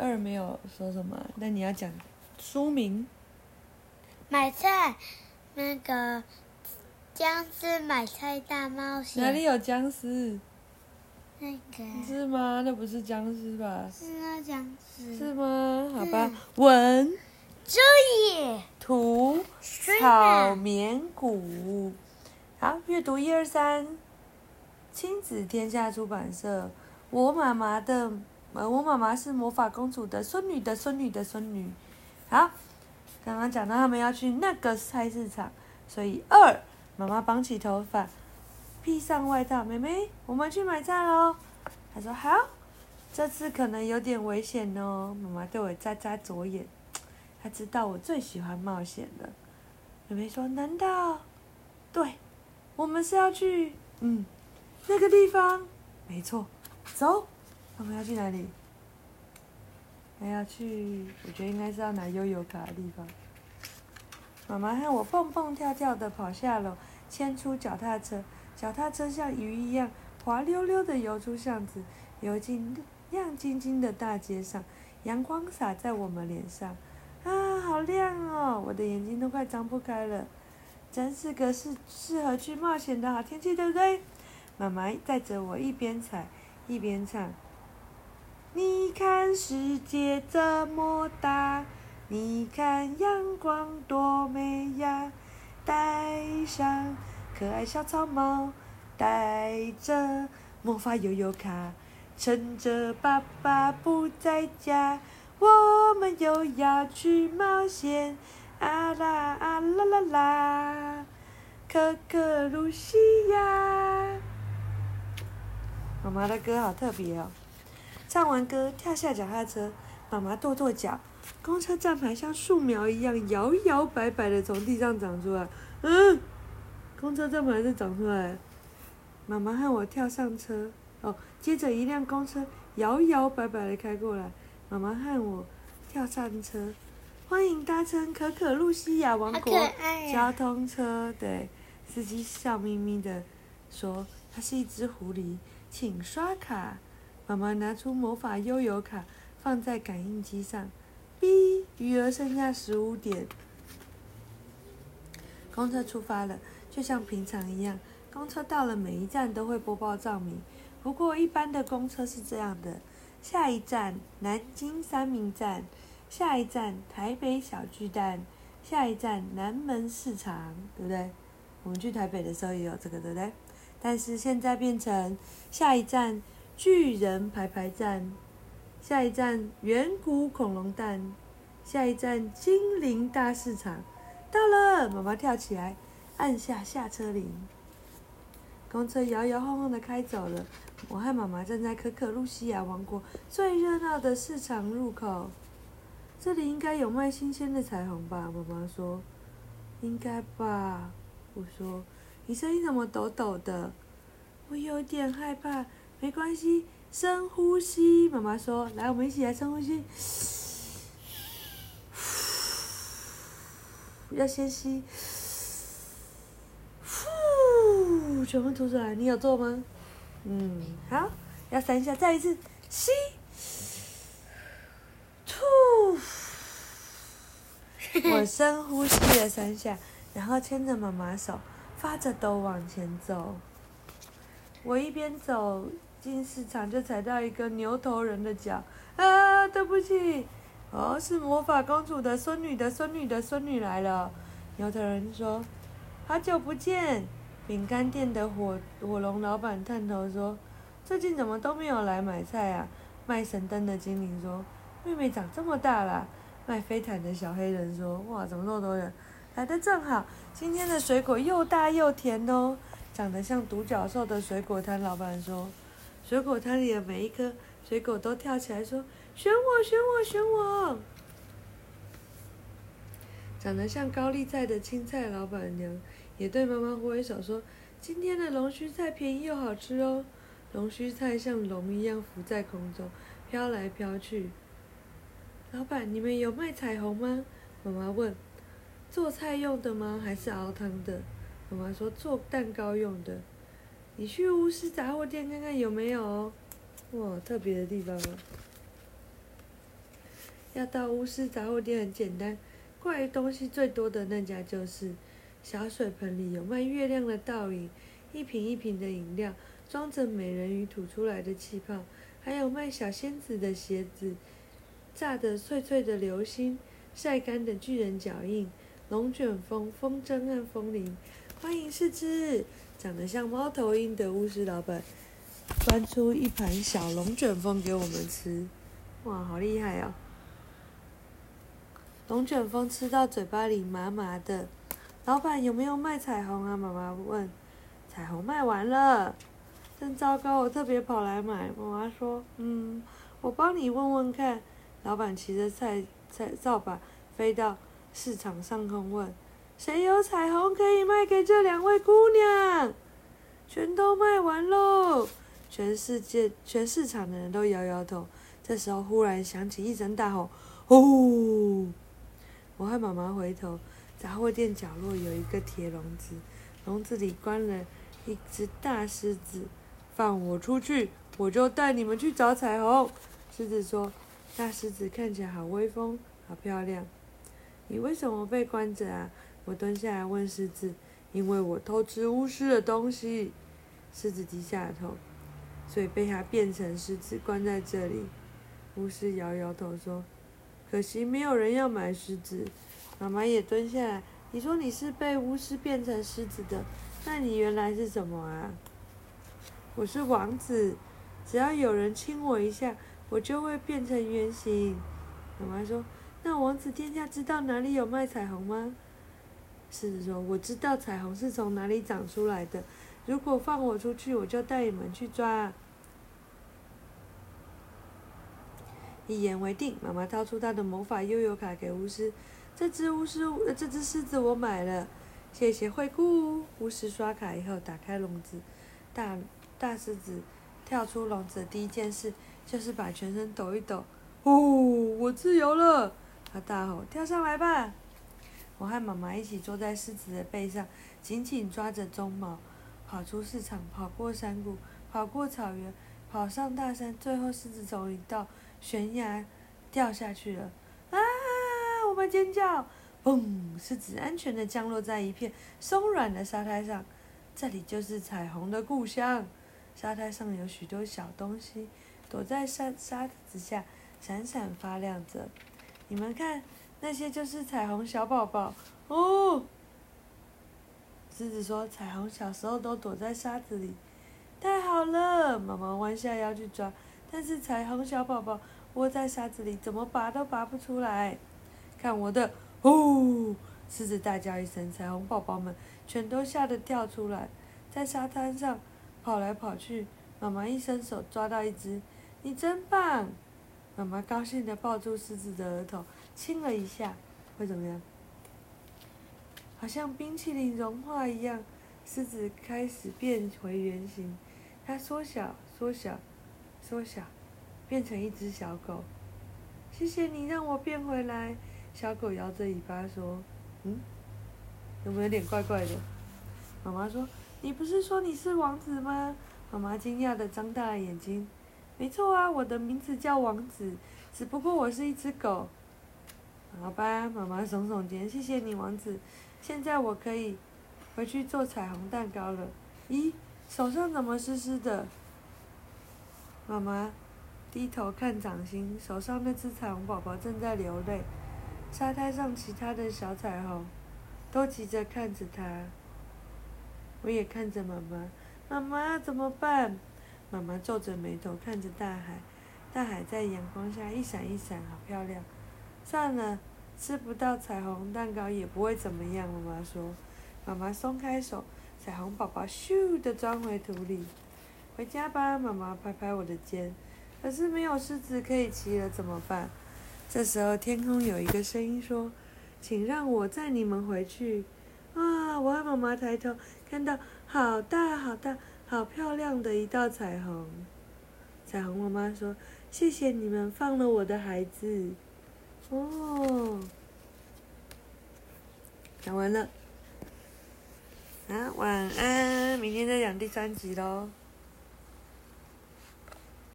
二沒有說什麼，那你要講書名。買菜，那個僵屍買菜大冒險。哪裡有僵屍？那個是嗎？那不是僵屍吧？是僵屍。是嗎？好吧。是文哲也，圖土嗎草棉谷。好，閱讀一二三。親子天下出版社，我媽媽的。我媽媽是魔法公主的孫女的孫女的孫女，好，剛剛講到他們要去那個菜市場，所以二媽媽綁起頭髮，披上外套，妹妹，我們去買菜嘍。她說好，這次可能有點危險哦。媽媽對我眨眨左眼，她知道我最喜歡冒險了。妹妹說，難道？對，我們是要去嗯那個地方，沒錯，走。我們、okay，要去哪裡？還要去，我覺得應該是要拿悠遊卡的地方。媽媽和我蹦蹦跳跳地跑下樓，牽出腳踏車，腳踏車像魚一樣滑溜溜地游出巷子，游進亮晶晶的大街上。陽光灑在我們臉上，啊，好亮哦！我的眼睛都快張不開了。真是個適適合去冒險的好天氣，對不對？媽媽帶着我一邊踩一邊唱。你看世界這麼大，你看陽光多美呀！戴上可愛小草帽，帶着魔法悠悠卡，趁着爸爸不在家，我們又要去冒險！啊啦啊啦啦啦，可可露西亞，媽媽的歌好特別哦。唱完歌，跳下腳踏車，媽媽跺跺腳，公車站牌像樹苗一樣搖搖擺擺的從地上長出來。嗯，公車站牌在長出來。媽媽和我跳上車。哦，接着一輛公車搖搖擺擺的開過來，媽媽和我跳上車，歡迎搭乘可可露西亞王國交通車。啊、對，司機笑眯眯的說：“它是一隻狐狸，請刷卡。”媽媽拿出魔法悠遊卡，放在感應機上。嗶餘額剩下十五點。公車出發了，就像平常一樣。公車到了每一站都會播報站名。不過一般的公車是這樣的：下一站南京三民站，下一站台北小巨蛋，下一站南門市場，對不對？我們去台北的時候也有這個，對不對？但是現在變成下一站。巨人排排站，下一站遠古恐龍蛋，下一站精靈大市場。到了！媽媽跳起來，按下下車鈴。公車搖搖晃晃的開走了。我和媽媽站在可可露西亞王國最熱鬧的市場入口，這裡應該有賣新鮮的彩虹吧？媽媽說：“應該吧。”我說：“你聲音怎麼抖抖的？我有點害怕。”沒關係，深呼吸。媽媽說：“來，我們一起來深呼吸。吸”要先吸，呼，全部吐出來。你有做嗎？嗯，好，要三下，再一次吸，吐。我深呼吸了三下，然後牽着媽媽的手，發着抖往前走。我一邊走。進市場就踩到一個牛頭人的腳，啊，對不起，哦，是魔法公主的孫女的孫女的孫女來了。牛頭人說：“好久不見。”餅乾店的火火龍老板探頭說：“最近怎麼都沒有來買菜啊？”賣神燈的精靈說：“妹妹長這麼大了。”賣飛毯的小黑人說：“哇，怎麼那麼多人？來得正好，今天的水果又大又甜哦。”長得像獨角獸的水果攤老板說。水果攤裡的每一顆水果都跳起來說：“選我，選我，選我！”長得像高麗菜的青菜老板娘也對媽媽揮揮手說：“今天的龍鬚菜便宜又好吃哦。”龍鬚菜像龍一樣浮在空中，飄來飄去。老板，你們有賣彩虹嗎？媽媽問。“做菜用的嗎？還是熬湯的？”媽媽說：“做蛋糕用的。”你去巫師雜貨店看看有沒有，哇，特別的地方嗎、啊？要到巫師雜貨店很簡單，怪東西最多的那家就是。小水盆裡有賣月亮的倒影，一瓶一瓶的飲料，裝着美人魚吐出來的氣泡，還有賣小仙子的鞋子，炸得脆脆的流星，曬乾的巨人腳印，龍捲風、風箏和風鈴。歡迎試吃。長得像貓頭鷹的巫師老板端出一盤小龍捲風給我們吃，哇，好厲害哦！龍捲風吃到嘴巴裡麻麻的。老板有沒有賣彩虹啊？媽媽問。彩虹賣完了，真糟糕！我特別跑來買。媽媽說，嗯，我幫你問問看。老板騎着菜菜掃把飛到市場上空問。誰有彩虹可以賣給這兩位姑娘？全都賣完嘍！全世界全市場的人都搖搖頭。這時候忽然響起一聲大吼：“哦！”我和媽媽回頭，雜貨店角落有一個鐵籠子，籠子裡關了一隻大獅子。放我出去，我就帶你們去找彩虹。”獅子說：“大獅子看起來好威風，好漂亮。你為什麼被關着啊？”我蹲下來問獅子，因為我偷吃巫師的東西。獅子低下頭，所以被他變成獅子關在這裡。巫師搖搖頭說：“可惜沒有人要買獅子。”媽媽也蹲下來，你說你是被巫師變成獅子的，那你原來是什麼啊？我是王子，只要有人親我一下，我就會變成原形。媽媽說：“那王子殿下知道哪裡有賣彩虹嗎？”獅子說：“我知道彩虹是從哪裡長出來的。如果放我出去，我就帶你們去抓，啊。”一言為定。媽媽掏出她的魔法悠悠卡給巫師：“這隻巫師，這隻獅子我買了，謝謝惠顧。”巫師刷卡以後打開籠子，大大獅子跳出籠子的第一件事就是把全身抖一抖：“哦，我自由了！”他大吼：“跳上來吧！”我和媽媽一起坐在獅子的背上，緊緊抓着鬃毛，跑出市場，跑過山谷，跑過草原，跑上大山，最後獅子從一道懸崖掉下去了。啊！我們尖叫。嘣！獅子安全的降落在一片鬆軟的沙灘上，這裡就是彩虹的故鄉。沙灘上有許多小東西躲在沙沙子之下，閃閃發亮着。你們看。那些就是彩虹小寶寶，哦！獅子說：“彩虹小時候都躲在沙子裡。”太好了，媽媽彎下腰去抓，但是彩虹小寶寶窩在沙子裡，怎麼拔都拔不出來。看我的！哦，獅子大叫一聲，彩虹寶寶們全都嚇得跳出來，在沙灘上跑來跑去。媽媽一伸手抓到一隻，你真棒！媽媽高興地抱住獅子的額頭。親了一下，會怎麼樣？好像冰淇淋融化一樣，獅子開始變回原形。它縮小，縮小，縮小，縮小，變成一隻小狗。謝謝你讓我變回來。小狗搖着尾巴說：“嗯，有沒有點怪怪的？”媽媽說：“你不是說你是王子嗎？”媽媽驚訝地張大了眼睛。沒錯啊，我的名字叫王子，只不過我是一隻狗。好吧，媽媽聳聳肩，謝謝你，王子。現在我可以回去做彩虹蛋糕了。咦，手上怎麼濕濕的？媽媽低頭看掌心，手上那隻彩虹寶寶正在流淚。沙灘上其他的小彩虹都急着看着它。我也看着媽媽，媽媽怎麼辦？媽媽皺着眉頭看着大海，大海在陽光下一閃一閃，好漂亮。算了，吃不到彩虹蛋糕也不會怎麼樣，媽媽說。媽媽鬆開手，彩虹寶寶咻的鑽回土裡。“回家吧。”媽媽拍拍我的肩。可是沒有獅子可以騎了，怎麼辦？這時候天空有一個聲音說：“請讓我載你們回去。”啊！我和媽媽抬頭看到好大好大、好漂亮的一道彩虹。彩虹媽媽說：“謝謝你們放了我的孩子。”哦，講完了，啊，晚安，明天再講第三集嘍。